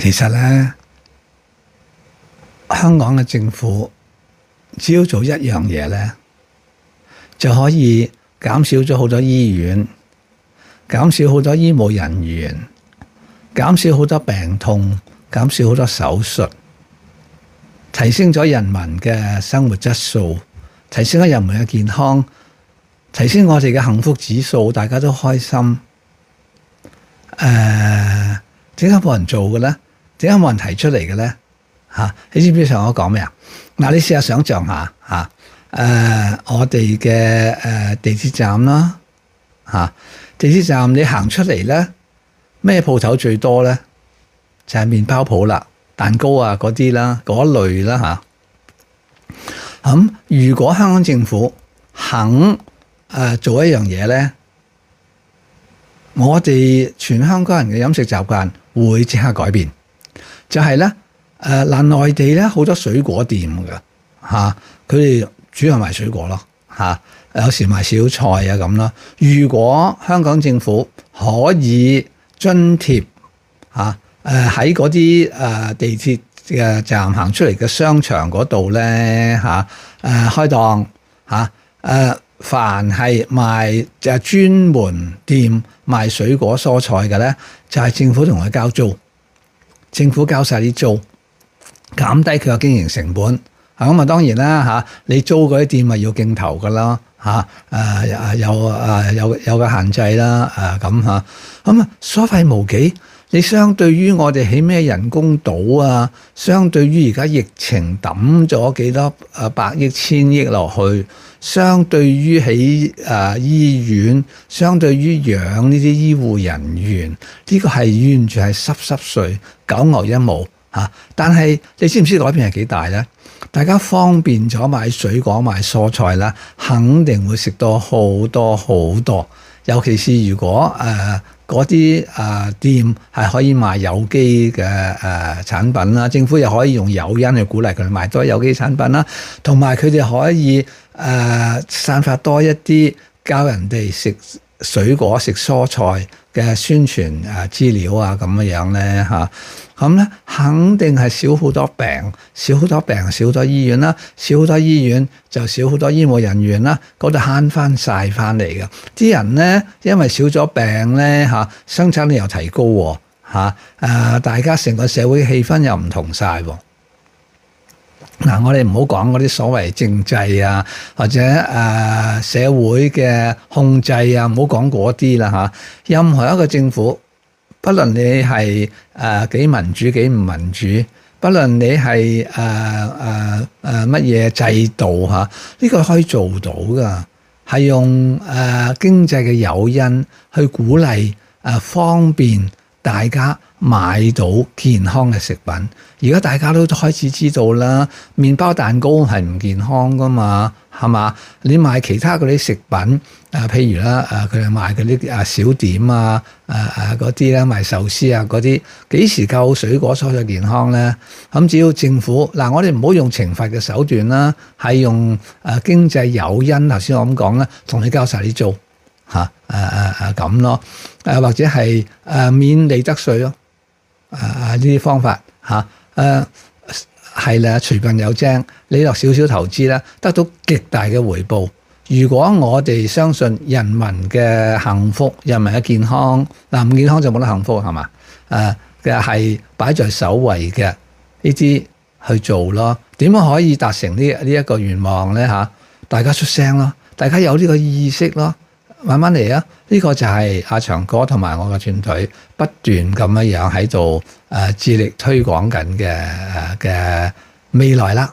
其實呢，香港嘅政府只要做一樣嘢呢，就可以減少咗好多醫院，減少好多醫務人員，減少好多病痛，減少好多手術，提升咗人民嘅生活質素，提升咗人民嘅健康，提升我哋嘅幸福指數，大家都開心。誒、呃，點解冇人做嘅咧？點解冇人提出嚟嘅咧？嚇！你知唔知上我講咩啊？嗱、啊，你試下想象下嚇。誒、啊，我哋嘅誒地鐵站啦，嚇、啊、地鐵站你行出嚟咧，咩鋪頭最多咧？就係、是、麵包鋪啦、蛋糕啊嗰啲啦，嗰類啦嚇。咁、啊啊、如果香港政府肯誒做一樣嘢咧，我哋全香港人嘅飲食習慣會即刻改變。就係咧，誒嗱，內地咧好多水果店嘅嚇，佢哋主要賣水果咯嚇，有時賣小菜啊咁咯。如果香港政府可以津貼嚇，誒喺嗰啲誒地鐵嘅站行出嚟嘅商場嗰度咧嚇，誒開檔嚇，誒凡係賣就專門店賣水果蔬菜嘅咧，就係、是、政府同佢交租。政府交晒啲租，減低佢個經營成本。啊，咁啊當然啦嚇，你租嗰啲店咪要競投噶啦嚇，誒誒有誒有有，有個限制啦誒咁嚇，咁啊所費無幾。你相對於我哋起咩人工島啊？相對於而家疫情抌咗幾多誒百億千億落去？相對於起誒醫院，相對於養呢啲醫護人員，呢、這個係完全係濕濕碎，九牛一毛嚇、啊！但係你知唔知改變係幾大咧？大家方便咗買水果買蔬菜啦，肯定會食到好多好多，尤其是如果誒。呃嗰啲誒店係可以賣有機嘅誒產品啦，政府又可以用誘因去鼓勵佢哋賣多有機產品啦，同埋佢哋可以誒散發多一啲教人哋食水果食蔬菜嘅宣傳誒資料啊咁樣咧嚇，咁咧肯定係少好多病，少好多病少咗醫院啦，少好多醫院，少好多醫院就少好多醫務人員啦，嗰度慳翻晒翻嚟嘅。啲人咧因為少咗病咧嚇，生產力又提高嚇，誒大家成個社會氣氛又唔同曬。嗱、啊，我哋唔好講嗰啲所謂政制啊，或者誒、啊、社會嘅控制啊，唔好講嗰啲啦嚇。任何一個政府，不論你係誒幾民主幾唔民主，不論你係誒誒誒乜嘢制度嚇，呢、啊個可以做到噶，係用誒、啊、經濟嘅誘因去鼓勵誒、啊、方便。大家買到健康嘅食品，而家大家都開始知道啦，麵包蛋糕係唔健康噶嘛，係嘛？你買其他嗰啲食品，啊譬如啦，啊佢哋賣嗰啲啊小點啊，啊啊嗰啲啦賣壽司啊嗰啲，幾時夠水果蔬菜健康咧？咁、嗯、只要政府嗱，我哋唔好用懲罰嘅手段啦，係用啊經濟誘因，頭先我咁講啦，同你交晒你做。吓，誒誒誒咁咯，誒、啊啊啊、或者係誒免利得稅咯，誒誒呢啲方法吓，誒、啊、係、啊啊、啦，隨便有精，你落少少投資啦，得到極大嘅回報。如果我哋相信人民嘅幸福、人民嘅健康，嗱、啊、唔健康就冇得幸福係嘛，誒其實係擺在首位嘅呢啲去做咯。點樣可以達成呢呢一個願望咧？吓、啊，大家出聲咯，大家有呢個意識咯。慢慢嚟啊！呢、這個就係阿祥哥同埋我個團隊不斷咁樣喺度致力推廣緊嘅未來啦。